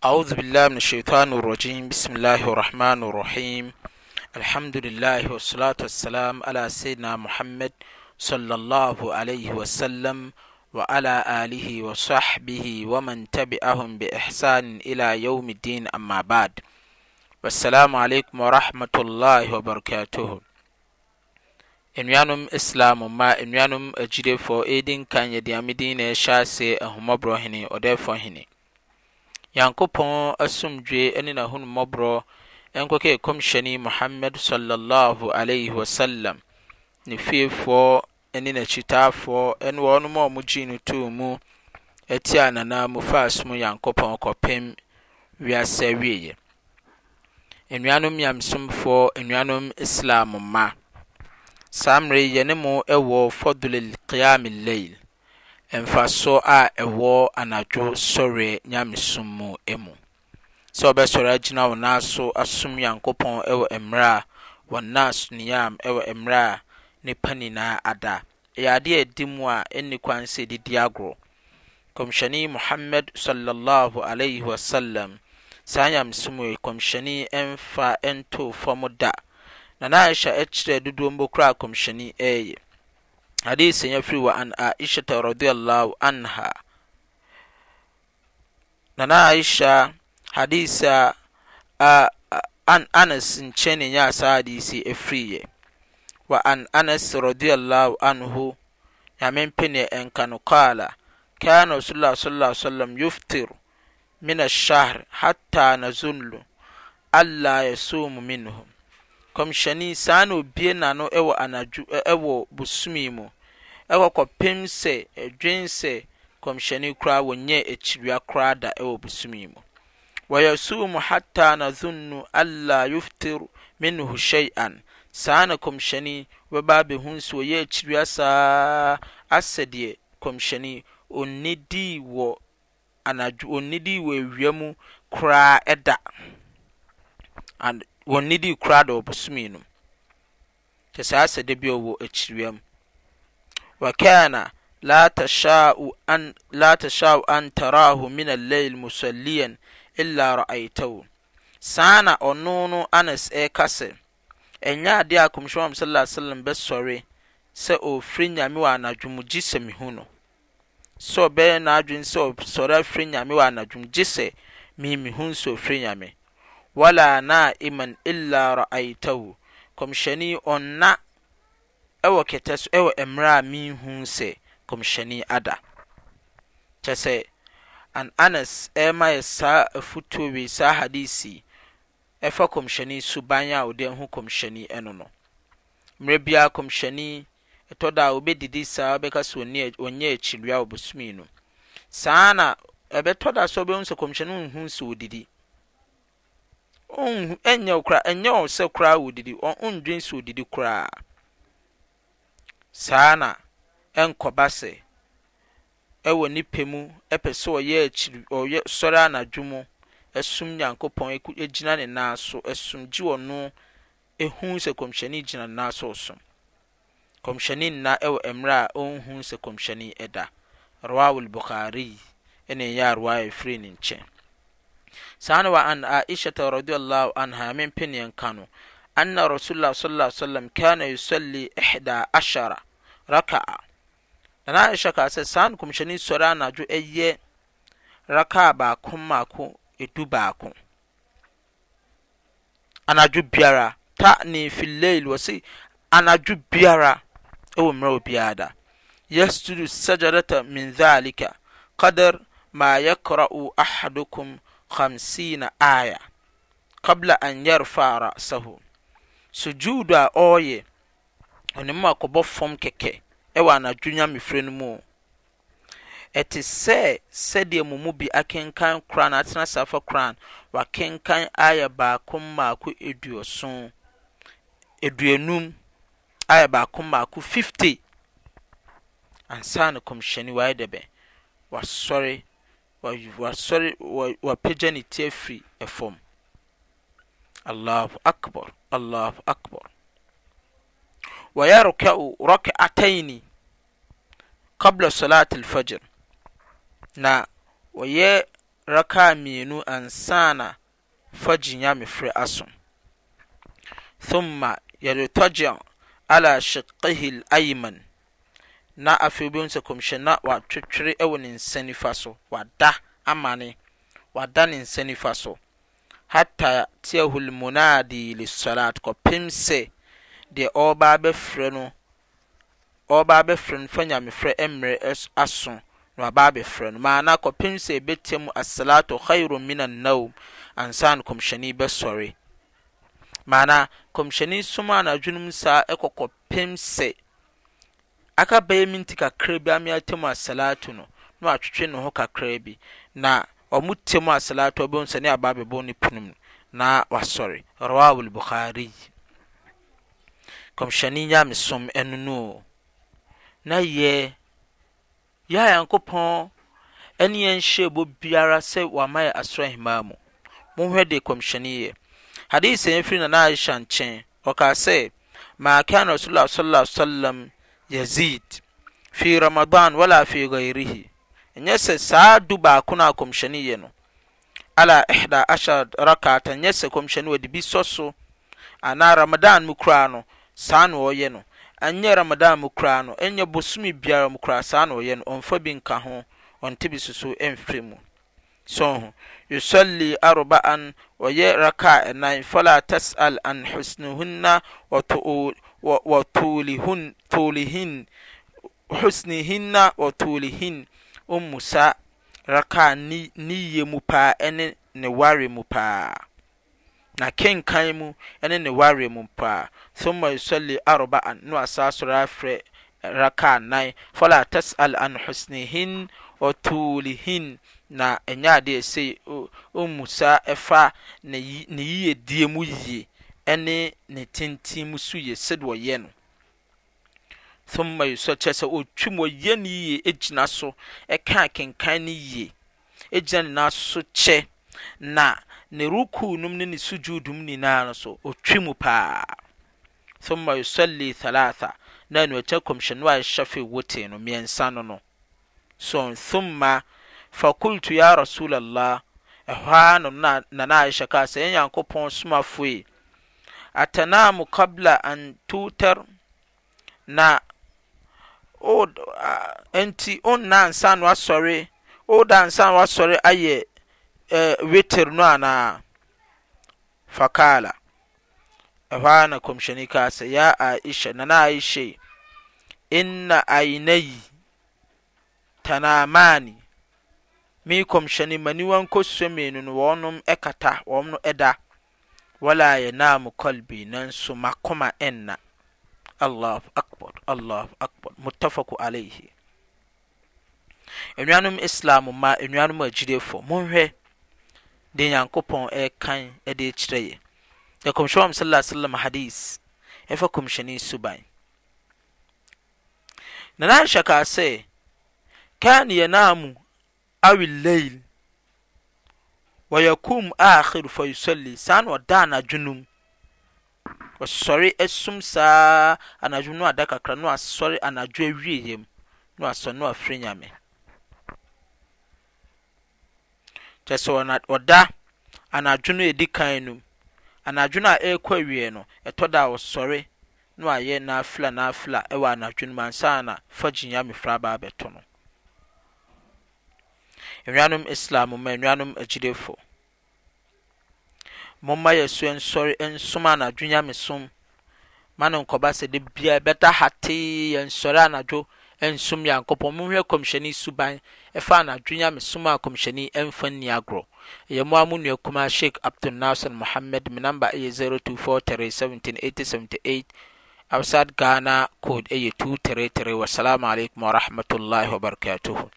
أعوذ بالله من الشيطان الرجيم بسم الله الرحمن الرحيم الحمد لله والصلاة والسلام على سيدنا محمد صلى الله عليه وسلم وعلى آله وصحبه ومن تبعهم بإحسان إلى يوم الدين أما بعد والسلام عليكم ورحمة الله وبركاته nnuanom islam ma nnuanom agyirefoɔ ɛdi nkan yɛde amedin na ɛhyɛ ase ahomɔborɔ hene nyankopɔn asomdwe ne n'ahummɔborɔ nkɔkɛ kɔmhyɛne muhammad sallallahu alaihi wasallam ne fiefoɔ ne n'akyitaafoɔ ne wɔnom a wɔgyee no too mu ɛti a nana mufa asom nyankopɔn kɔpem wiasɛ wieɛ nnuanom nyamsomfoɔ nnuanom islam ma saa mmerɛ yɛne mu wɔ fadlul qiyam lail mfaso a ɛwɔ anadwo sɔre nyamesom mu mu sɛ wɔbɛsɔre agyina wɔn nan so asom nyankopɔn wɔ mmerɛ a wɔn nan so yam wɔ mmerɛ a nipa nyinaa ada ɛyɛ adeɛ a ɛdi mu a ɛnni kwan sɛ didi agorɔ kɔmhyɛni muhammad sallallahu alaihi sallam saa nyamesom yi kɔmhyɛni mfa ɛnto fam da na na ahyɛ kyerɛ dodoɔ mbɔ kora kɔmhyɛni ɛreyɛ حديث يفري وأن عائشة رضي الله عنها نانا عائشة حديث أن أنس انشيني يا سادسي إفري وأن أنس رضي الله عنه يمين بني أن كانوا قال كان رسول الله صلى الله عليه وسلم يفطر من الشهر حتى نزل الله يسوم منهم kɔmhyɛni saa na obie nano wɔ anadwu wɔ bosomii mu ɛkɔ kɔpem sɛ adwen sɛ kɔmhyɛnii koraa wɔnyɛ akyidia koraa da ɛwɔ busumii mu wɔyasumu hata nazonnu anla yuftir menhu sheian saa na kɔmhyɛnii wbɛbaa bɛhu so ɔyɛ akyidiea saa asɛdeɛ kɔmhyɛnii nɔnnidii wɔ ewira mu koraa ɛda wɔn ne dii da ɔbosome nom kyɛ saa sɛ da bi ɔwɔ akyiriam wakana la tasha'u an la an tarahu min al-layl musalliyan illa ra'aytahu saa na ɔno no anas ɛka sɛ ɛnyɛ ade a kɔmhyɛn sallallahu alaihi wasallam bɛsɔre sɛ ɔfiri nyame wɔ anadwom gye sɛ mehu no sɛ ɔbɛyɛ n'adwene sɛ ɔsɔre afiri nyame wɔ anadwom gye sɛ mehu nso ɔfiri nyame wala na'iman illa ra'aitahu kɔmhyɛni onna ewa ketesu ewa ɛwɔ mmerɛ a minhu sɛ ada tese an anas ɛma yɛ sa futu wei sa hadisi ɛfa su suban a wɔde hu kɔmhyɛni ɛno no mmerɛ biara kɔmhyɛni didi sa a wɔbɛdidi saa wɔbɛka sɛ wɔnyɛ akyiriwa wɔ bosome no saa na ɛbɛtɔ da so wɔbɛhu sɛ kɔmhyɛni nhu sɛ didi. onhu ɛnyɛ kora ɛnyɛ wɔ sɛ koraa wɔdidi ɔndwen sɛ wɔdidi koraa saa na ɛnkɔba sɛ ɛwɔ nipa mu ɛpɛ sɛ ɔyɛ akyiri ɔyɛ sɔre anadwo mu ɛsum nyankopɔn ɛku ɛgyina ne nan so ɛsum gye wɔ ɛhu sɛ kɔmhyɛni gyina ne nan so ɔsom kɔmhyɛni nna ɛwɔ mmerɛ a ɔnhu sɛ kɔmhyɛni ɛda rawawul bukhari ɛna ɛyɛ arwa ɛfiri ne nkyɛn سان ان عائشة رضي الله عنها من بنيان كانوا أن رسول الله صلى الله عليه وسلم كان يصلي إحدى عشر ركعة أنا عائشة كاسة سان كم شني سرانا جو أي ركعة باكم ماكو إدو باكم أنا جو بيارا تأني في الليل وسي أنا جو بيارا أو مرو بيادا يسجد السجرة من ذلك قدر ما يقرأ أحدكم hamsina aya kabla an yarfa ra'sahu sujudu a ɔreyɛ ɔne mu akɔbɔ fam na ɛwɔ anadwo nyamefrɛ no mu ɛte sɛ sɛdeɛ mo mu bi akenkan koran atena safa koran wakenkan ayɛ baako mmaako eduoson eduonum ayɛ baako mmaako fifty ansa na kɔmhyɛni waayɛ wa sorry wasɔre wapagya ne ti afiri fam allahu akbar allahu akbar ويركع ركعتين قبل صلاة الفجر na wɔyɛ raka mmienu ansana fajin ya mefiri aso thumma yɛretɔgye ala shiqihi al-ayman naafei bihu sɛ kɔmsyɛni na waatwetwere wɔ ne nsani fa so wdamanewda ne nsani fa so hata tiaholmonadi lessolat kɔpesɛ deɛ rba bɛfrɛ no fa nyamefrɛ mmirɛ aso na ababɛfrɛ no maana kɔpemsɛ bɛtia mu assalato hairon min anoom ansan kɔmhyɛne bɛsɔre aana kɔmhyɛne somandwenom sa ɛkɔ ɔpesɛ aka baya menti kakraa bi ame atemu asalato no na atwetwe ne ho kakraa bi na ɔmo temu asalato sne asɔr rabaryankoɔ nyɛhyɛ biara sɛ mayɛ asaɛde kɔɛne adis f nanayɛ nkyɛ ɔkasɛ makɛanaasulasaala osalam yazid fi ramadan wala fi ghairihi nyɛ sɛ saa du baako no a kɔmhyɛne yɛ no ala ihda ashar rakata nyɛ sɛ kɔmhyɛne wɔde bi sɔ so anaa ramadan mu koraa no saa na ɔyɛ no ɛnyɛ ramadan mu koraa no ɛnyɛ bosome biara mu koraa saa na ɔyɛ no ɔmfa bi nka ho ɔnte bi soso ɛmfiri mu so yusalli arba'an ɔyɛ raka ɛnan fala tas'al an husnuhunna wa usnhin na wtoole hin mu sa raka nee mu paa nenear mu paa nakenkan mu ne ne ware mu paa thuma usli arbaan noasaa sorefrɛ eh, rakanan fa la tasal an husnihin toole hin na nyadeasei umm mu safa ne yie di mu yie ɛne ne tenten mu so yɛ sɛdeɛ ɔyɛ no thumma yusuf kyerɛ sɛ ɔtwam ɔyɛ no yie egyina so ɛka kenkan no yie egyina ne nan so kyɛ na ne ruku num ne ne sujudum nyinaa no so ɔtwi mu paa thumma yusalli thalatha na ɛno ɛkyɛ kɔmhyɛno a ɛhyɛ fei wote no mmiɛnsa no no so thumma fakultu ya rasulallah ɛhɔ a no na na ahyɛ kaa sɛ ɛyɛ nyankopɔn somafoe atanamu kabla an tutar na o nti o nna nsa na wasɔre o da na wasɔre ayɛ witir no anaa fakala ɛhɔ na kɔmhyɛni kaa sɛ ya aisha nana aisha inna ainayi tanamani mi kɔmhyɛni maniwa nkosua mmienu no wɔnom ɛkata wɔn no ɛda. wala yanamu qalbi nanso makoma ɛnna allahu akbar allahu akbar mutafaku alaihi nnuanom islam ma nnuanom mun hwe de kan e de kyerɛ yɛ ɛkɔmhyɛ wam sala salam hadis ɛfa kɔmhyɛne suban nana se. kaa sɛ kan awil layl wɔyɛkum akhir fa yusalli saa na ɔda anadwo no mu ɔsɔre asum saa anadwo no ada kakra no asɔre anadwo awieeɛ mu no asɔ no afiri nyame kyɛ sɛ ɔda anadwo no edi kan no mu anadwo no a ɛrekɔ awie no ɛtɔ da ɔsɔre no ayɛ n'afila n'afila ɛwɔ anadwo no mu ansa na fagye nyame fra ba abɛtɔ no nnuanom islam ma nnuanom agyidefo momma so nsɔre nsom anadwo nyamesom ma no nkɔba sɛ de bia bɛda hatee yɛ yɛnsɔre anadwo nsom nyankopɔn monhwɛ kɔmhyɛne suban ɛfa anadwo nyamesom a kɔmhyɛne ɛmfa nni agorɔ ɛyɛ mmoa mo nua kuma sheik abdul nasir mohammed me namba ɛyɛ 0243 178078 outside ghana code ɛyɛ 233 Wassalamu alaikum warahmatullahi wabarakatuhu